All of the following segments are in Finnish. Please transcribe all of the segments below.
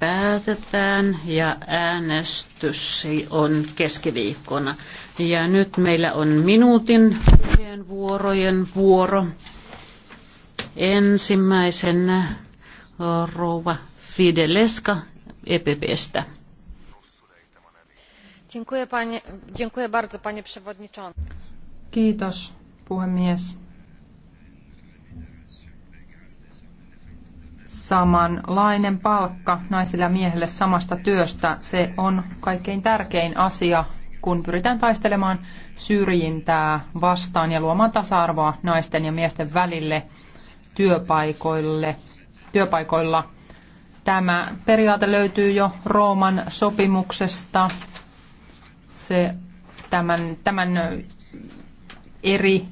päätetään ja äänestys on keskiviikkona. Ja nyt meillä on minuutin puheenvuorojen vuoro. Ensimmäisenä äh, rouva Fideleska EPPstä. Dziękuję, panie, dziękuję bardzo, panie przewodniczący. Kiitos, puhemies. samanlainen palkka naisille ja miehille samasta työstä. Se on kaikkein tärkein asia, kun pyritään taistelemaan syrjintää vastaan ja luomaan tasa-arvoa naisten ja miesten välille työpaikoille, työpaikoilla. Tämä periaate löytyy jo Rooman sopimuksesta. Se, tämän, tämän eri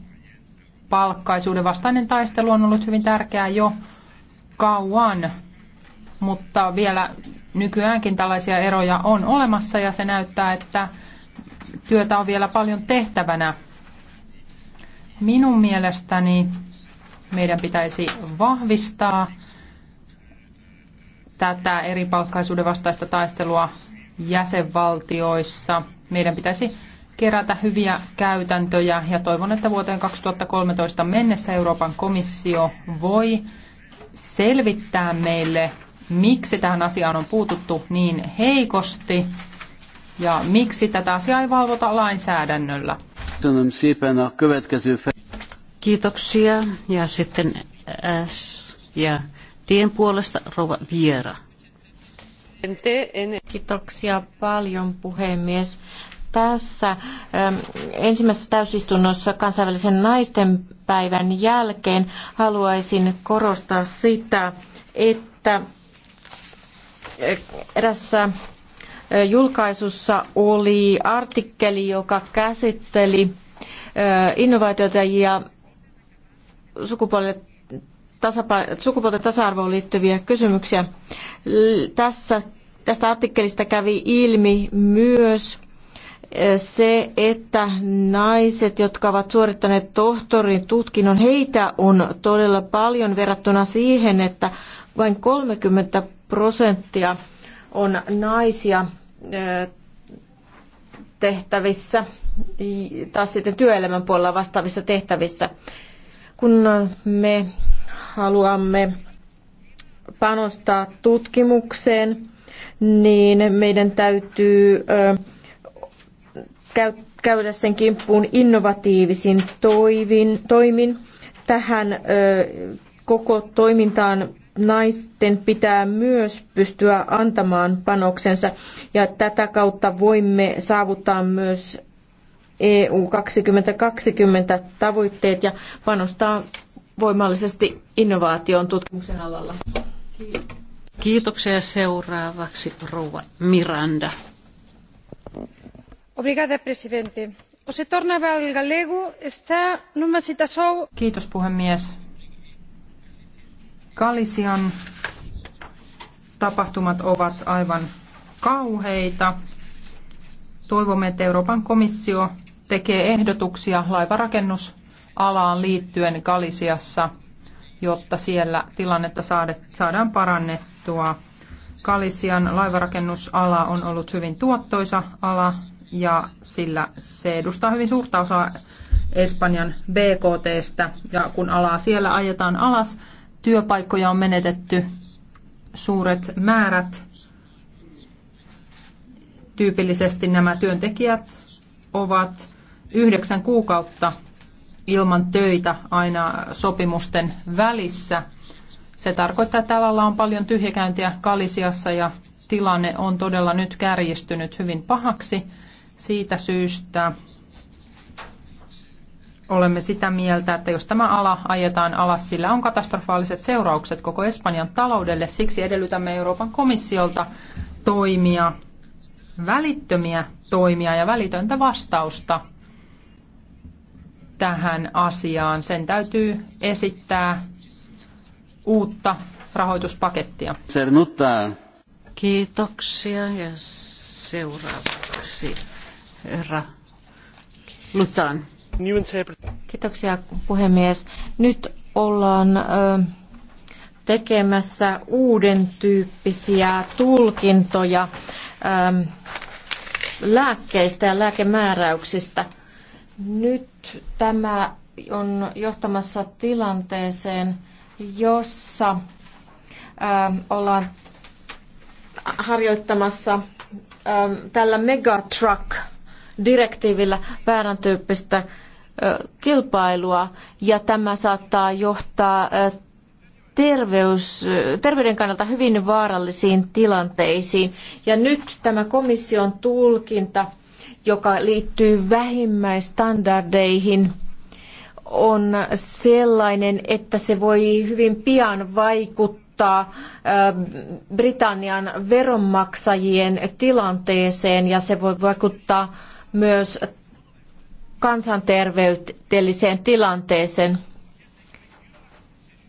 palkkaisuuden vastainen taistelu on ollut hyvin tärkeää jo kauan, mutta vielä nykyäänkin tällaisia eroja on olemassa ja se näyttää, että työtä on vielä paljon tehtävänä. Minun mielestäni meidän pitäisi vahvistaa tätä eri palkkaisuuden vastaista taistelua jäsenvaltioissa. Meidän pitäisi kerätä hyviä käytäntöjä ja toivon, että vuoteen 2013 mennessä Euroopan komissio voi selvittää meille, miksi tähän asiaan on puututtu niin heikosti ja miksi tätä asiaa ei valvota lainsäädännöllä. Kiitoksia. Ja sitten S ja tien puolesta Rova Viera. Kiitoksia paljon puhemies tässä ähm, ensimmäisessä täysistunnossa kansainvälisen naisten päivän jälkeen haluaisin korostaa sitä, että äh, erässä äh, julkaisussa oli artikkeli, joka käsitteli äh, innovaatioita ja sukupuolten tasa-arvoon liittyviä kysymyksiä. Tässä, tästä artikkelista kävi ilmi myös se, että naiset, jotka ovat suorittaneet tohtorin tutkinnon, heitä on todella paljon verrattuna siihen, että vain 30 prosenttia on naisia tehtävissä, taas sitten työelämän puolella vastaavissa tehtävissä. Kun me haluamme panostaa tutkimukseen, niin meidän täytyy käydä sen kimppuun innovatiivisin toivin, toimin. Tähän koko toimintaan naisten pitää myös pystyä antamaan panoksensa ja tätä kautta voimme saavuttaa myös EU 2020 tavoitteet ja panostaa voimallisesti innovaatioon tutkimuksen alalla. Kiitoksia seuraavaksi rouva Miranda. Obrigada, presidente. Kiitos puhemies. Kalisian tapahtumat ovat aivan kauheita. Toivomme, että Euroopan komissio tekee ehdotuksia laivarakennusalaan liittyen Galisiassa, jotta siellä tilannetta saadaan parannettua. Kalisian laivarakennusala on ollut hyvin tuottoisa ala ja sillä se edustaa hyvin suurta osaa Espanjan BKTstä. Ja kun alaa siellä ajetaan alas, työpaikkoja on menetetty suuret määrät. Tyypillisesti nämä työntekijät ovat yhdeksän kuukautta ilman töitä aina sopimusten välissä. Se tarkoittaa, että alalla on paljon tyhjäkäyntiä Kalisiassa ja tilanne on todella nyt kärjistynyt hyvin pahaksi. Siitä syystä olemme sitä mieltä, että jos tämä ala ajetaan alas, sillä on katastrofaaliset seuraukset koko Espanjan taloudelle. Siksi edellytämme Euroopan komissiolta toimia, välittömiä toimia ja välitöntä vastausta tähän asiaan. Sen täytyy esittää uutta rahoituspakettia. Kiitoksia ja seuraavaksi herra Lutan. Kiitoksia puhemies. Nyt ollaan tekemässä uuden tyyppisiä tulkintoja lääkkeistä ja lääkemääräyksistä. Nyt tämä on johtamassa tilanteeseen, jossa ollaan harjoittamassa tällä megatruck direktiivillä väärän tyyppistä kilpailua ja tämä saattaa johtaa terveys, terveyden kannalta hyvin vaarallisiin tilanteisiin. Ja nyt tämä komission tulkinta, joka liittyy vähimmäistandardeihin, on sellainen, että se voi hyvin pian vaikuttaa Britannian veronmaksajien tilanteeseen ja se voi vaikuttaa myös kansanterveydelliseen tilanteeseen.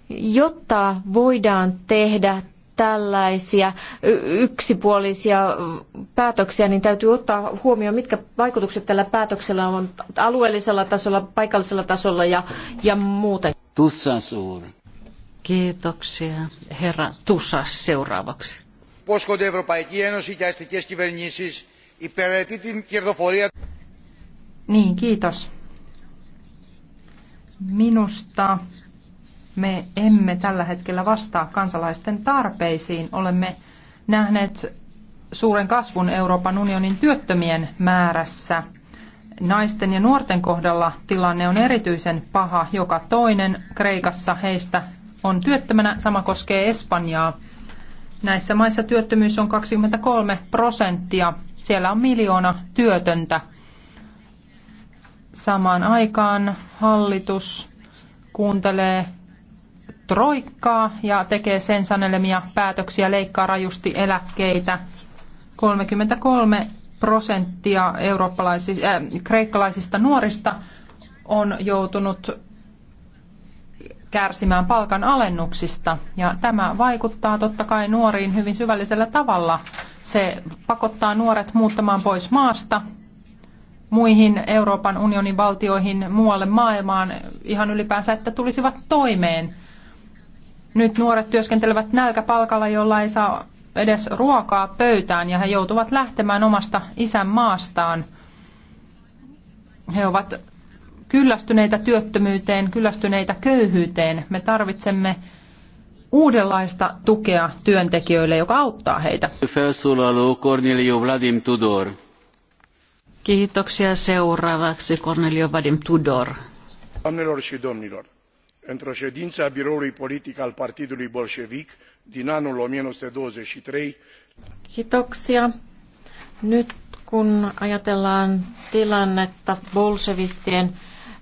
Jotta voidaan tehdä tällaisia yksipuolisia päätöksiä, niin täytyy ottaa huomioon, mitkä vaikutukset tällä päätöksellä on alueellisella tasolla, paikallisella tasolla ja, ja muuten. Tussansuur. Kiitoksia. Herra Tussas seuraavaksi. Posko Euroopan Ένωση και υπερετεί την κερδοφορία. Niin, kiitos. Minusta me emme tällä hetkellä vastaa kansalaisten tarpeisiin. Olemme nähneet suuren kasvun Euroopan unionin työttömien määrässä. Naisten ja nuorten kohdalla tilanne on erityisen paha. Joka toinen Kreikassa heistä on työttömänä. Sama koskee Espanjaa. Näissä maissa työttömyys on 23 prosenttia siellä on miljoona työtöntä. Samaan aikaan hallitus kuuntelee troikkaa ja tekee sen sanelemia päätöksiä, leikkaa rajusti eläkkeitä. 33 prosenttia eurooppalaisista, äh, kreikkalaisista nuorista on joutunut kärsimään palkan alennuksista. Ja tämä vaikuttaa totta kai nuoriin hyvin syvällisellä tavalla. Se pakottaa nuoret muuttamaan pois maasta muihin Euroopan unionin valtioihin, muualle maailmaan ihan ylipäänsä, että tulisivat toimeen. Nyt nuoret työskentelevät nälkäpalkalla, jolla ei saa edes ruokaa pöytään ja he joutuvat lähtemään omasta isänmaastaan. He ovat kyllästyneitä työttömyyteen, kyllästyneitä köyhyyteen. Me tarvitsemme uudenlaista tukea työntekijöille, joka auttaa heitä. Kiitoksia seuraavaksi Cornelio Vadim Tudor. Doamnelor și domnilor, într-o ședință a biroului politic al Partidului Bolșevic din anul 1923... Kiitoksia. Nyt kun ajatellaan tilannetta bolshevistien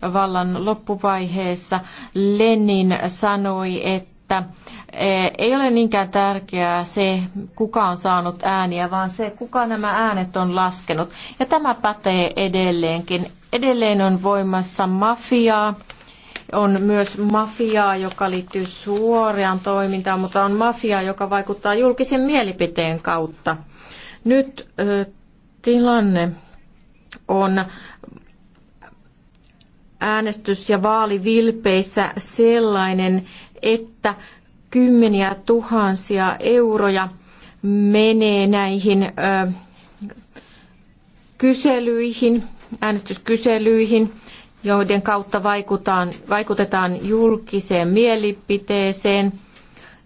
vallan loppuvaiheessa, Lenin sanoi, että että eh, ei ole niinkään tärkeää se, kuka on saanut ääniä, vaan se, kuka nämä äänet on laskenut. Ja tämä pätee edelleenkin. Edelleen on voimassa mafiaa, on myös mafiaa, joka liittyy suoraan toimintaan, mutta on mafiaa, joka vaikuttaa julkisen mielipiteen kautta. Nyt ö, eh, tilanne on äänestys- ja vaalivilpeissä sellainen, että kymmeniä tuhansia euroja menee näihin ö, kyselyihin, äänestyskyselyihin, joiden kautta vaikutaan, vaikutetaan julkiseen mielipiteeseen.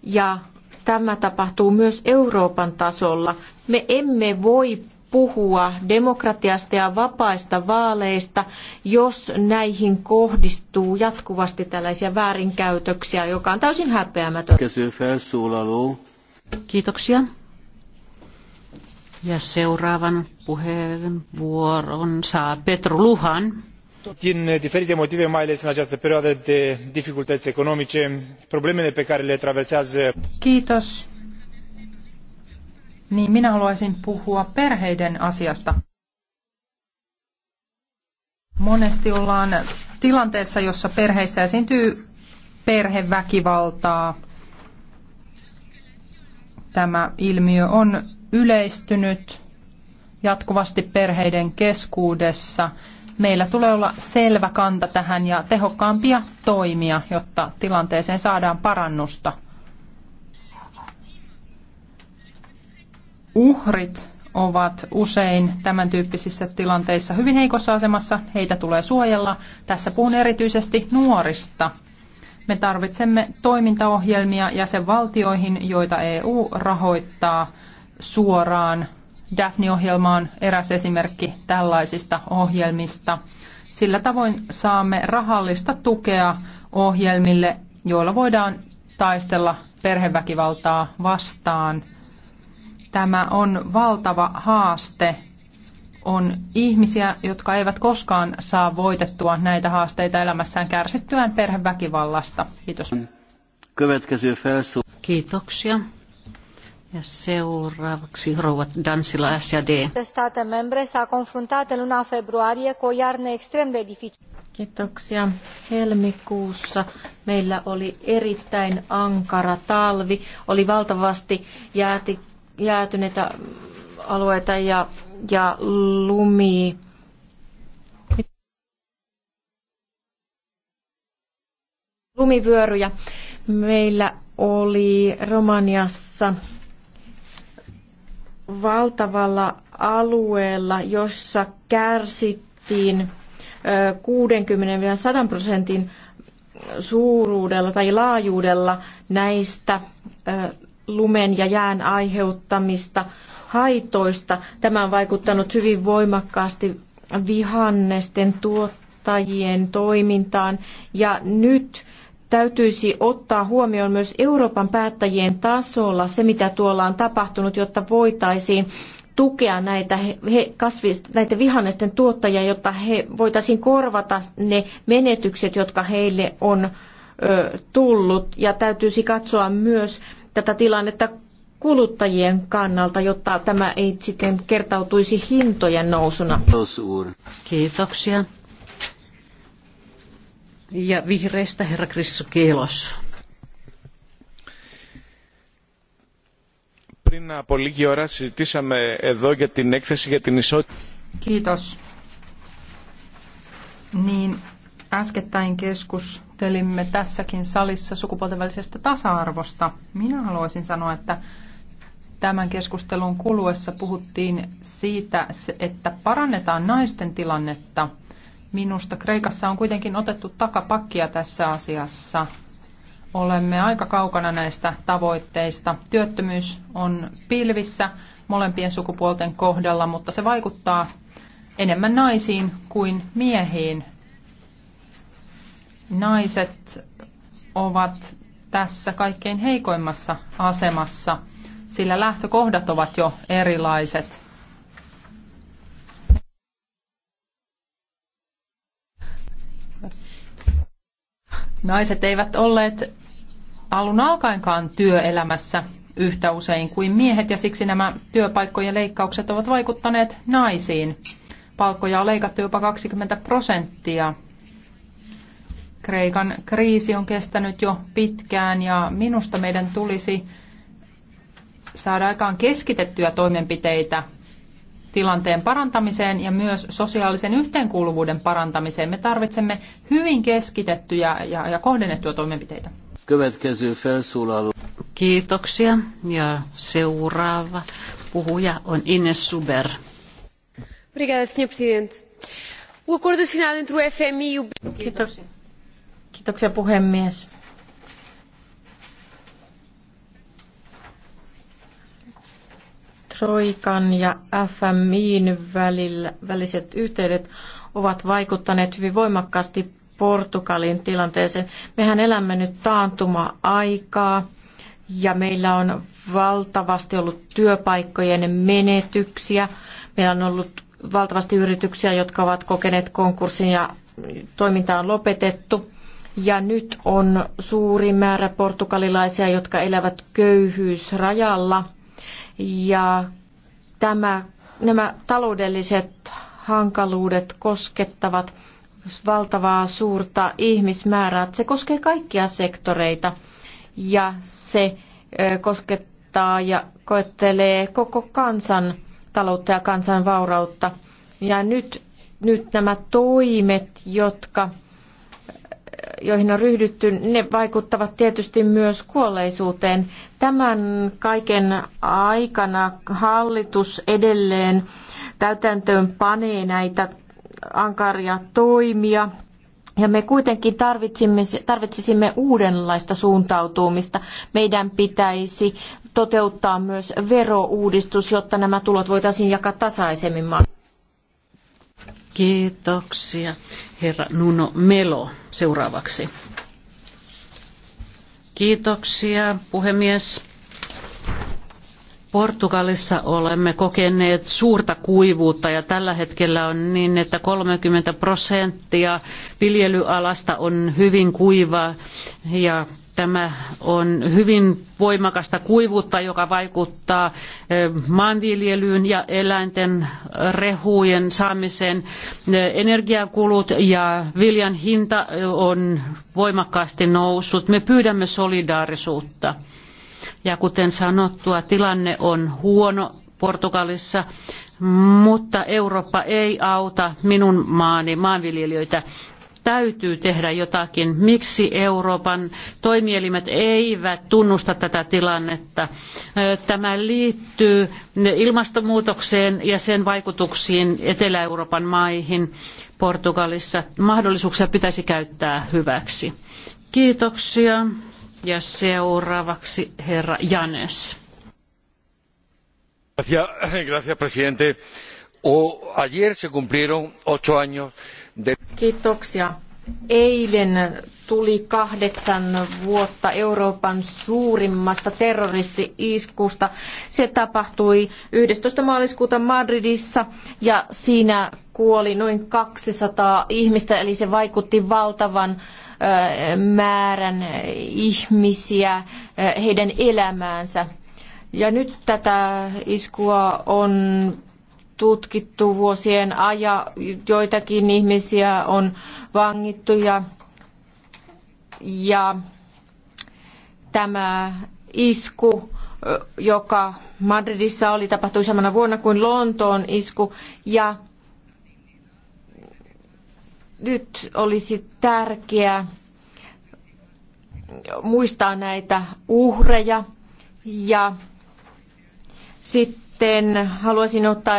Ja tämä tapahtuu myös Euroopan tasolla. Me emme voi puhua demokratiasta ja vapaista vaaleista, jos näihin kohdistuu jatkuvasti tällaisia väärinkäytöksiä, joka on täysin häpeämätön. Kiitoksia. Ja seuraavan puheenvuoron saa Petru Luhan. Din diferite motive, mai ales în această perioadă de dificultăți economice, problemele pe care le traversează... Kiitos niin minä haluaisin puhua perheiden asiasta. Monesti ollaan tilanteessa, jossa perheissä esiintyy perheväkivaltaa. Tämä ilmiö on yleistynyt jatkuvasti perheiden keskuudessa. Meillä tulee olla selvä kanta tähän ja tehokkaampia toimia, jotta tilanteeseen saadaan parannusta. uhrit ovat usein tämän tyyppisissä tilanteissa hyvin heikossa asemassa. Heitä tulee suojella. Tässä puhun erityisesti nuorista. Me tarvitsemme toimintaohjelmia jäsenvaltioihin, joita EU rahoittaa suoraan. Daphne-ohjelma on eräs esimerkki tällaisista ohjelmista. Sillä tavoin saamme rahallista tukea ohjelmille, joilla voidaan taistella perheväkivaltaa vastaan – Tämä on valtava haaste. On ihmisiä, jotka eivät koskaan saa voitettua näitä haasteita elämässään kärsittyään perheväkivallasta. Kiitos. Kiitoksia. Ja seuraavaksi rouva Dansila SD. Kiitoksia. Helmikuussa meillä oli erittäin ankara talvi, oli valtavasti jäätikkoja jäätyneitä alueita ja, ja lumi. Lumivyöryjä. Meillä oli Romaniassa valtavalla alueella, jossa kärsittiin 60-100 prosentin suuruudella tai laajuudella näistä lumen ja jään aiheuttamista haitoista. Tämä on vaikuttanut hyvin voimakkaasti vihannesten tuottajien toimintaan ja nyt täytyisi ottaa huomioon myös Euroopan päättäjien tasolla se, mitä tuolla on tapahtunut, jotta voitaisiin tukea näitä, he, näitä vihannesten tuottajia, jotta he voitaisiin korvata ne menetykset, jotka heille on ö, tullut. Ja täytyisi katsoa myös tätä tilannetta kuluttajien kannalta, jotta tämä ei sitten kertautuisi hintojen nousuna. Kiitoksia. Ja vihreistä herra Kristo Kielos. Πριν από λίγη ώρα συζητήσαμε εδώ για την έκθεση για την ισότητα. Kiitos. Niin, äskettäin keskus keskustelimme tässäkin salissa sukupuolten välisestä tasa-arvosta. Minä haluaisin sanoa, että tämän keskustelun kuluessa puhuttiin siitä, että parannetaan naisten tilannetta. Minusta Kreikassa on kuitenkin otettu takapakkia tässä asiassa. Olemme aika kaukana näistä tavoitteista. Työttömyys on pilvissä molempien sukupuolten kohdalla, mutta se vaikuttaa enemmän naisiin kuin miehiin naiset ovat tässä kaikkein heikoimmassa asemassa, sillä lähtökohdat ovat jo erilaiset. Naiset eivät olleet alun alkaenkaan työelämässä yhtä usein kuin miehet ja siksi nämä työpaikkojen leikkaukset ovat vaikuttaneet naisiin. Palkkoja on leikattu jopa 20 prosenttia Kreikan kriisi on kestänyt jo pitkään ja minusta meidän tulisi saada aikaan keskitettyä toimenpiteitä tilanteen parantamiseen ja myös sosiaalisen yhteenkuuluvuuden parantamiseen. Me tarvitsemme hyvin keskitettyjä ja, ja kohdennettuja toimenpiteitä. Kiitoksia. Ja seuraava puhuja on Ines Suber. E Kiitos. Kiitoksia puhemies. Troikan ja FMIin välillä, väliset yhteydet ovat vaikuttaneet hyvin voimakkaasti Portugalin tilanteeseen. Mehän elämme nyt taantuma-aikaa ja meillä on valtavasti ollut työpaikkojen menetyksiä. Meillä on ollut valtavasti yrityksiä, jotka ovat kokeneet konkurssin ja toiminta on lopetettu. Ja nyt on suuri määrä portugalilaisia, jotka elävät köyhyysrajalla. Ja tämä, nämä taloudelliset hankaluudet koskettavat valtavaa suurta ihmismäärää. Se koskee kaikkia sektoreita ja se koskettaa ja koettelee koko kansan taloutta ja kansan vaurautta. Ja nyt, nyt nämä toimet, jotka joihin on ryhdytty, ne vaikuttavat tietysti myös kuolleisuuteen. Tämän kaiken aikana hallitus edelleen täytäntöön panee näitä ankaria toimia. Ja me kuitenkin tarvitsimme tarvitsisimme uudenlaista suuntautumista. Meidän pitäisi toteuttaa myös verouudistus, jotta nämä tulot voitaisiin jakaa tasaisemmin. Kiitoksia. Herra Nuno Melo seuraavaksi. Kiitoksia, puhemies. Portugalissa olemme kokeneet suurta kuivuutta ja tällä hetkellä on niin, että 30 prosenttia viljelyalasta on hyvin kuivaa ja Tämä on hyvin voimakasta kuivuutta, joka vaikuttaa eh, maanviljelyyn ja eläinten rehujen saamiseen. Eh, energiakulut ja viljan hinta eh, on voimakkaasti noussut. Me pyydämme solidaarisuutta. Ja kuten sanottua, tilanne on huono Portugalissa, mutta Eurooppa ei auta minun maani maanviljelijöitä täytyy tehdä jotakin. Miksi Euroopan toimielimet eivät tunnusta tätä tilannetta? Tämä liittyy ilmastonmuutokseen ja sen vaikutuksiin Etelä-Euroopan maihin Portugalissa. Mahdollisuuksia pitäisi käyttää hyväksi. Kiitoksia. Ja seuraavaksi herra Janes. Gracias, presidente. ayer se cumplieron ocho años Kiitoksia. Eilen tuli kahdeksan vuotta Euroopan suurimmasta terroristi-iskusta. Se tapahtui 11. maaliskuuta Madridissa ja siinä kuoli noin 200 ihmistä, eli se vaikutti valtavan määrän ihmisiä, heidän elämäänsä. Ja nyt tätä iskua on tutkittu vuosien ajan. Joitakin ihmisiä on vangittu ja, ja tämä isku, joka Madridissa oli, tapahtui samana vuonna kuin Lontoon isku. Ja nyt olisi tärkeää muistaa näitä uhreja ja sitten haluaisin ottaa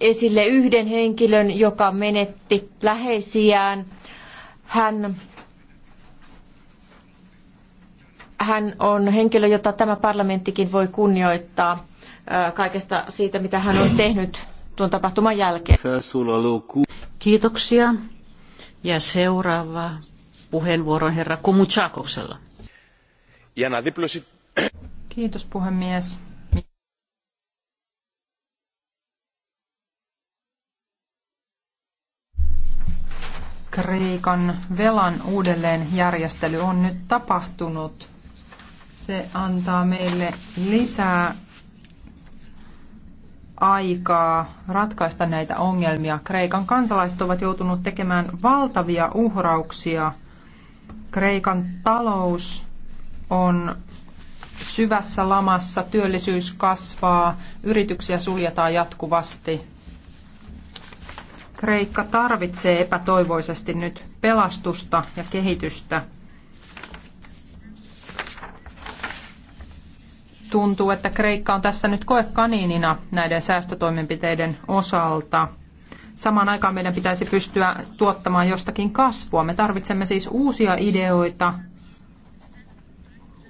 esille yhden henkilön, joka menetti läheisiään. Hän, hän on henkilö, jota tämä parlamenttikin voi kunnioittaa kaikesta siitä, mitä hän on tehnyt tuon tapahtuman jälkeen. Kiitoksia. Ja seuraava puheenvuoron herra Kumuchakoksella. Kiitos puhemies. Kreikan velan uudelleenjärjestely on nyt tapahtunut. Se antaa meille lisää aikaa ratkaista näitä ongelmia. Kreikan kansalaiset ovat joutuneet tekemään valtavia uhrauksia. Kreikan talous on syvässä lamassa, työllisyys kasvaa, yrityksiä suljetaan jatkuvasti Kreikka tarvitsee epätoivoisesti nyt pelastusta ja kehitystä. Tuntuu, että Kreikka on tässä nyt koekaniinina näiden säästötoimenpiteiden osalta. Samaan aikaan meidän pitäisi pystyä tuottamaan jostakin kasvua. Me tarvitsemme siis uusia ideoita,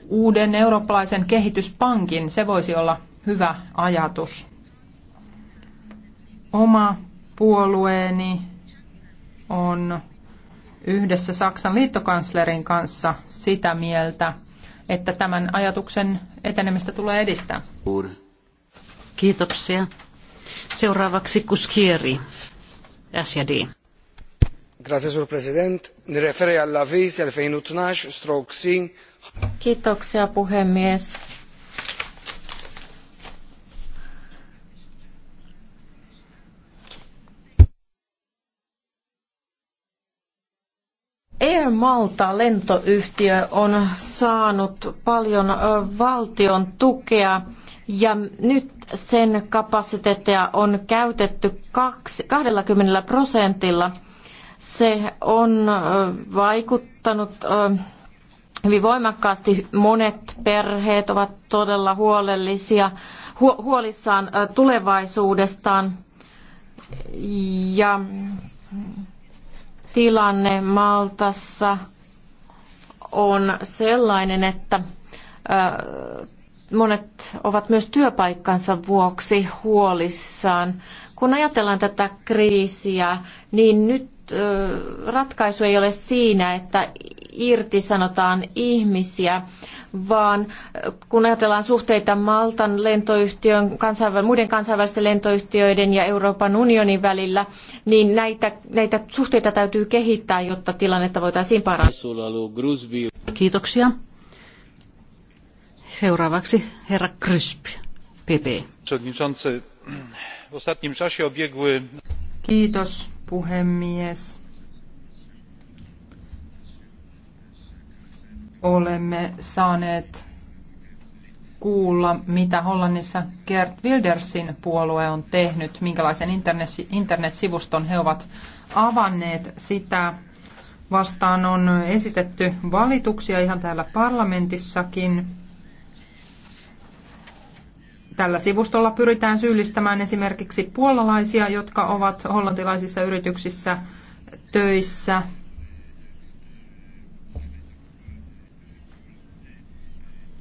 uuden eurooppalaisen kehityspankin, se voisi olla hyvä ajatus. Oma puolueeni on yhdessä Saksan liittokanslerin kanssa sitä mieltä, että tämän ajatuksen etenemistä tulee edistää. Kiitoksia. Seuraavaksi Kuskieri, SJD. Grazie, 2012 Kiitoksia, puhemies. Air Malta lentoyhtiö on saanut paljon valtion tukea ja nyt sen kapasiteettia on käytetty 20 prosentilla. Se on vaikuttanut hyvin voimakkaasti. Monet perheet ovat todella huolellisia, huolissaan tulevaisuudestaan. Ja tilanne Maltassa on sellainen, että monet ovat myös työpaikkansa vuoksi huolissaan. Kun ajatellaan tätä kriisiä, niin nyt ratkaisu ei ole siinä, että irtisanotaan ihmisiä, vaan kun ajatellaan suhteita Maltan lentoyhtiön, kansainvä, muiden kansainvälisten lentoyhtiöiden ja Euroopan unionin välillä, niin näitä, näitä suhteita täytyy kehittää, jotta tilannetta voitaisiin parantaa. Kiitoksia. Seuraavaksi herra Krysp, PP. Kiitos puhemies. Olemme saaneet kuulla, mitä Hollannissa Gert Wildersin puolue on tehnyt, minkälaisen internetsivuston he ovat avanneet. Sitä vastaan on esitetty valituksia ihan täällä parlamentissakin. Tällä sivustolla pyritään syyllistämään esimerkiksi puolalaisia, jotka ovat hollantilaisissa yrityksissä töissä.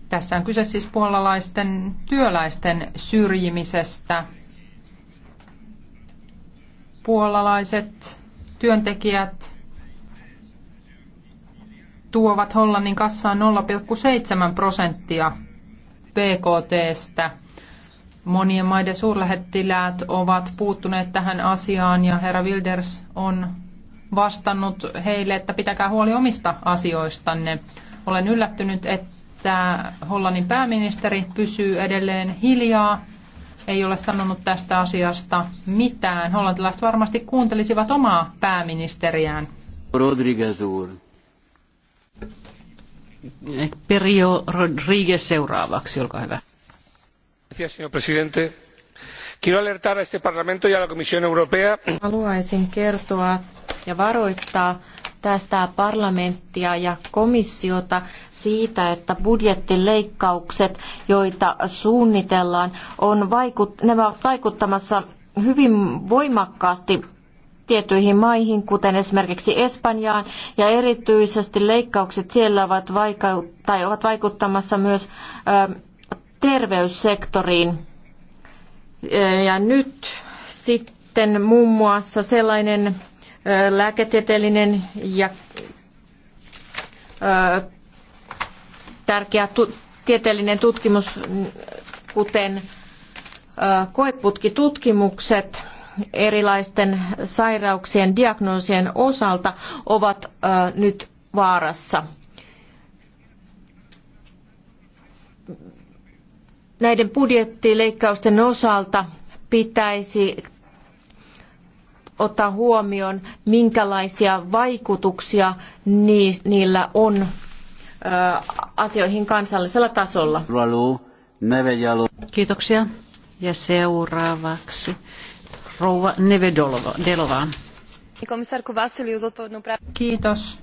Tässä on kyse siis puolalaisten työläisten syrjimisestä. Puolalaiset työntekijät tuovat Hollannin kassaan 0,7 prosenttia BKTstä Monien maiden suurlähettiläät ovat puuttuneet tähän asiaan ja herra Wilders on vastannut heille, että pitäkää huoli omista asioistanne. Olen yllättynyt, että Hollannin pääministeri pysyy edelleen hiljaa, ei ole sanonut tästä asiasta mitään. Hollantilaiset varmasti kuuntelisivat omaa pääministeriään. Rodriguez Perio Rodriguez seuraavaksi, olkaa hyvä señor presidente quiero alertar a este parlamento y a la comisión europea haluaisin kertoa ja varoittaa tästä parlamenttia ja komissiota siitä, että budjettileikkaukset, joita suunnitellaan, on vaikut, ne ovat vaikuttamassa hyvin voimakkaasti tiettyihin maihin, kuten esimerkiksi Espanjaan, ja erityisesti leikkaukset siellä ovat, vaiku- tai ovat vaikuttamassa myös ö, terveyssektoriin. Ja nyt sitten muun muassa sellainen lääketieteellinen ja tärkeä tieteellinen tutkimus, kuten koeputkitutkimukset erilaisten sairauksien diagnoosien osalta ovat nyt vaarassa näiden budjettileikkausten osalta pitäisi ottaa huomioon, minkälaisia vaikutuksia niillä on asioihin kansallisella tasolla. Kiitoksia. Ja seuraavaksi rouva Nevedolova. Kiitos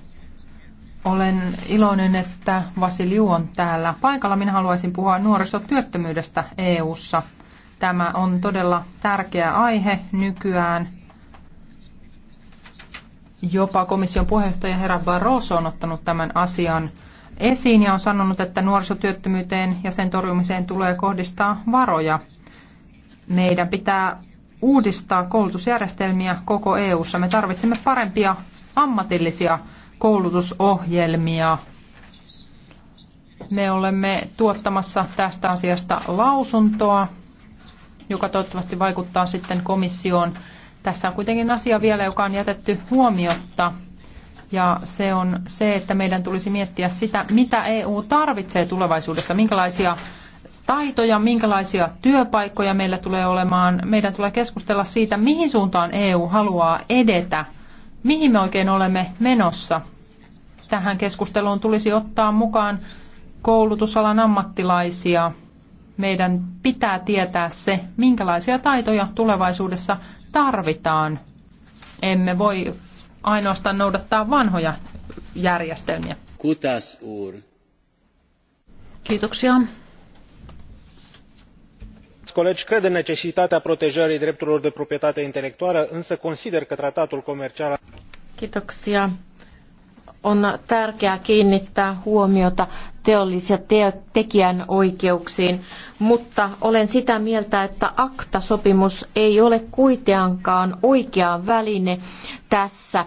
olen iloinen, että Vasiliu on täällä paikalla. Minä haluaisin puhua nuorisotyöttömyydestä EU:ssa. Tämä on todella tärkeä aihe nykyään. Jopa komission puheenjohtaja herra Barroso on ottanut tämän asian esiin ja on sanonut, että nuorisotyöttömyyteen ja sen torjumiseen tulee kohdistaa varoja. Meidän pitää uudistaa koulutusjärjestelmiä koko EU:ssa. Me tarvitsemme parempia ammatillisia koulutusohjelmia. Me olemme tuottamassa tästä asiasta lausuntoa, joka toivottavasti vaikuttaa sitten komissioon. Tässä on kuitenkin asia vielä, joka on jätetty huomiotta, ja se on se, että meidän tulisi miettiä sitä, mitä EU tarvitsee tulevaisuudessa, minkälaisia taitoja, minkälaisia työpaikkoja meillä tulee olemaan. Meidän tulee keskustella siitä, mihin suuntaan EU haluaa edetä – mihin me oikein olemme menossa. Tähän keskusteluun tulisi ottaa mukaan koulutusalan ammattilaisia. Meidän pitää tietää se, minkälaisia taitoja tulevaisuudessa tarvitaan. Emme voi ainoastaan noudattaa vanhoja järjestelmiä. Kutas uur. Kiitoksia colegi cred în necesitatea protejării drepturilor de proprietate intelectuală însă consider că tratatul comercial Kiitoksia. On tärkeää kiinnittää huomiota teollis- ja te- tekijänoikeuksiin, mutta olen sitä mieltä, että aktasopimus ei ole kuitenkaan oikea väline tässä,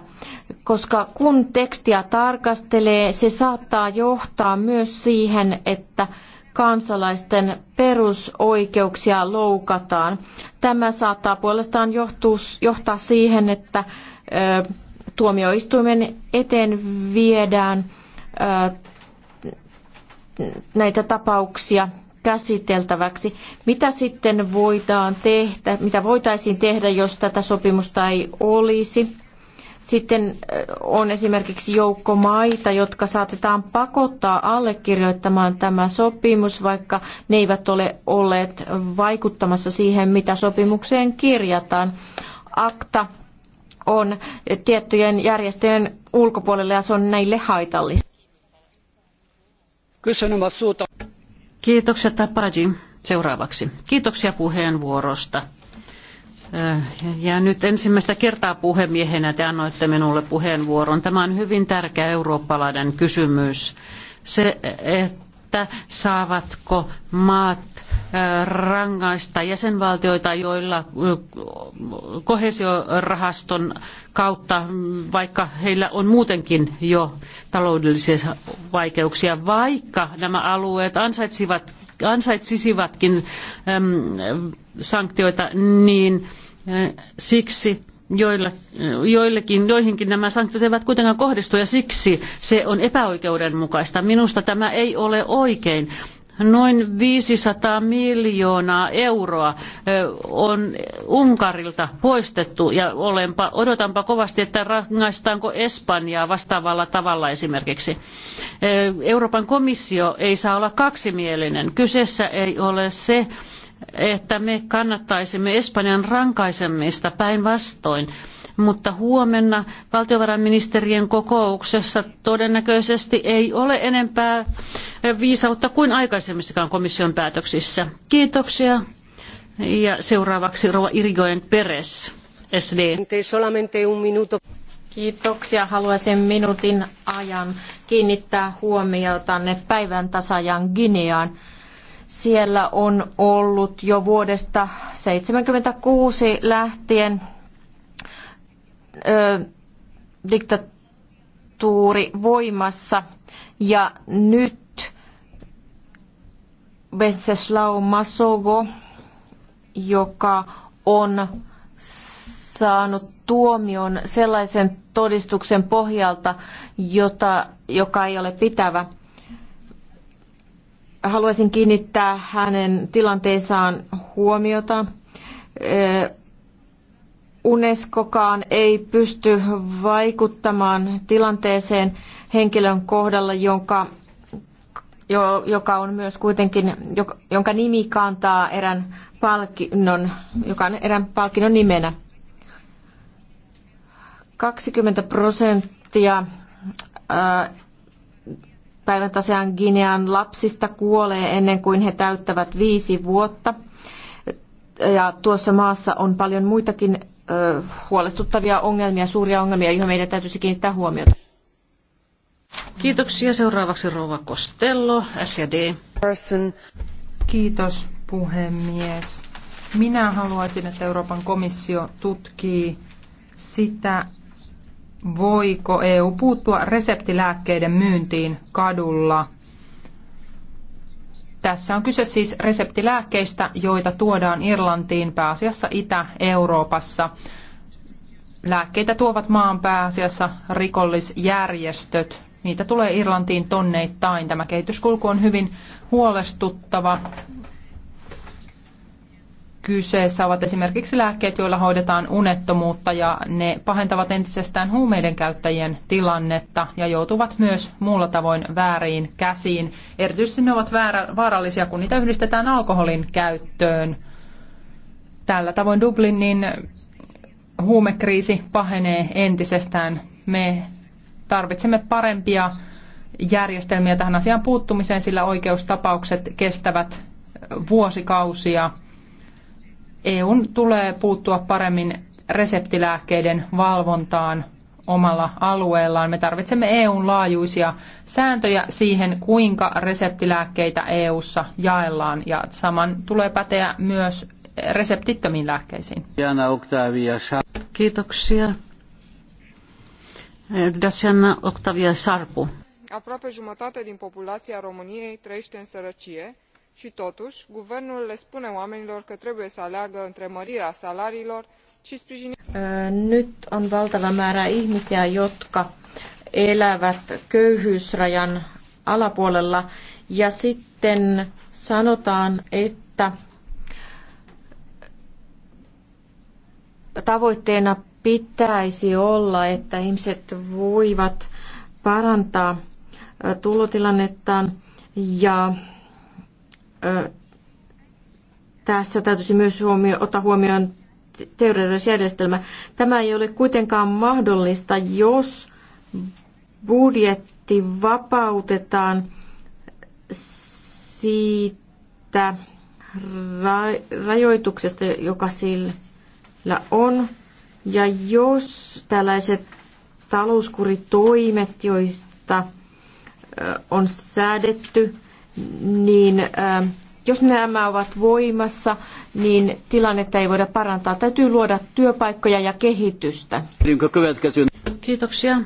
koska kun tekstiä tarkastelee, se saattaa johtaa myös siihen, että kansalaisten perusoikeuksia loukataan. Tämä saattaa puolestaan johtaa siihen, että tuomioistuimen eteen viedään näitä tapauksia käsiteltäväksi. Mitä sitten voidaan tehdä, mitä voitaisiin tehdä, jos tätä sopimusta ei olisi? Sitten on esimerkiksi joukko maita, jotka saatetaan pakottaa allekirjoittamaan tämä sopimus, vaikka ne eivät ole olleet vaikuttamassa siihen, mitä sopimukseen kirjataan. Akta on tiettyjen järjestöjen ulkopuolella ja se on näille haitallista. Kiitoksia Tapaji. Seuraavaksi. Kiitoksia puheenvuorosta. Äh, ja nyt ensimmäistä kertaa puhemiehenä te annoitte minulle puheenvuoron. Tämä on hyvin tärkeä eurooppalainen kysymys. Se, että saavatko maat äh, rangaista jäsenvaltioita, joilla äh, kohesiorahaston kautta, vaikka heillä on muutenkin jo taloudellisia vaikeuksia, vaikka nämä alueet ansaitsivat, ansaitsisivatkin sanktioita, niin Siksi joilla, joillekin, joihinkin nämä sanktiot eivät kuitenkaan kohdistu ja siksi se on epäoikeudenmukaista. Minusta tämä ei ole oikein. Noin 500 miljoonaa euroa on Unkarilta poistettu ja olenpa, odotanpa kovasti, että rangaistaanko Espanjaa vastaavalla tavalla esimerkiksi. Euroopan komissio ei saa olla kaksimielinen. Kyseessä ei ole se, että me kannattaisimme Espanjan rankaisemista päinvastoin. Mutta huomenna valtiovarainministerien kokouksessa todennäköisesti ei ole enempää viisautta kuin aikaisemmissakaan komission päätöksissä. Kiitoksia. Ja seuraavaksi Rova Irigoyen Peres, SD. Kiitoksia. Haluaisin minuutin ajan kiinnittää huomiotanne päivän tasajan Gineaan. Siellä on ollut jo vuodesta 1976 lähtien ö, diktatuuri voimassa ja nyt Venceslau Masovo, joka on saanut tuomion sellaisen todistuksen pohjalta, jota, joka ei ole pitävä. Haluaisin kiinnittää hänen tilanteessaan huomiota. Unescokaan ei pysty vaikuttamaan tilanteeseen henkilön kohdalla, jonka, jo, joka on myös kuitenkin, jonka nimi kantaa erään palkinnon, joka on erään palkinnon nimenä. 20 prosenttia päivän tosiaan Ginean lapsista kuolee ennen kuin he täyttävät viisi vuotta. Ja tuossa maassa on paljon muitakin ö, huolestuttavia ongelmia, suuria ongelmia, joihin meidän täytyisi kiinnittää huomiota. Kiitoksia. Seuraavaksi rouva Kostello, SD. Kiitos puhemies. Minä haluaisin, että Euroopan komissio tutkii sitä, voiko EU puuttua reseptilääkkeiden myyntiin kadulla. Tässä on kyse siis reseptilääkkeistä, joita tuodaan Irlantiin pääasiassa Itä-Euroopassa. Lääkkeitä tuovat maan pääasiassa rikollisjärjestöt. Niitä tulee Irlantiin tonneittain. Tämä kehityskulku on hyvin huolestuttava Kyseessä ovat esimerkiksi lääkkeet, joilla hoidetaan unettomuutta ja ne pahentavat entisestään huumeiden käyttäjien tilannetta ja joutuvat myös muulla tavoin vääriin käsiin. Erityisesti ne ovat väärä, vaarallisia, kun niitä yhdistetään alkoholin käyttöön. Tällä tavoin Dublinin huumekriisi pahenee entisestään. Me tarvitsemme parempia järjestelmiä tähän asiaan puuttumiseen, sillä oikeustapaukset kestävät vuosikausia – EUn tulee puuttua paremmin reseptilääkkeiden valvontaan omalla alueellaan. Me tarvitsemme EUn laajuisia sääntöjä siihen, kuinka reseptilääkkeitä EUssa jaellaan ja saman tulee päteä myös reseptittömiin lääkkeisiin. Kiitoksia. Dasiana Octavia Sarpu. Aproape jumătate din populația României trăiește în sărăcie, i totui guvernul le spune oamenilor că trebuie să aleagă între mărirea salariilor i sprijinirea. nyt on valtava määrä ihmisiä jotka elävät köyhyysrajan alapuolella ja sitten sanotaan että tavoitteena pitäisi olla, että ihmiset voivat parantaa tulotilannettaan ja tässä täytyisi myös huomio, ottaa huomioon järjestelmä. Tämä ei ole kuitenkaan mahdollista, jos budjetti vapautetaan siitä ra- rajoituksesta, joka sillä on. Ja jos tällaiset talouskuritoimet, joista on säädetty, niin ähm, jos nämä ovat voimassa, niin tilannetta ei voida parantaa. Täytyy luoda työpaikkoja ja kehitystä. Kiitoksia.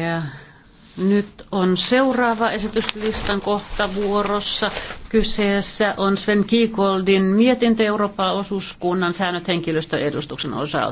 Ja nyt on seuraava esityslistan kohta vuorossa. Kyseessä on Sven Kiikoldin mietintö Euroopan osuuskunnan säännöt henkilöstöedustuksen osalta.